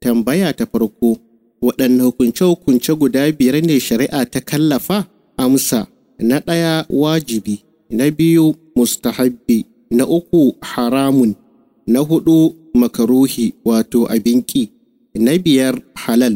Tambaya ta farko, waɗanne hukunce-hukunce guda biyar ne shari'a ta kallafa? Amsa, na ɗaya wajibi, na biyu mustahabbi, na uku haramun, na hudu makaruhi wato abinki, na biyar halal.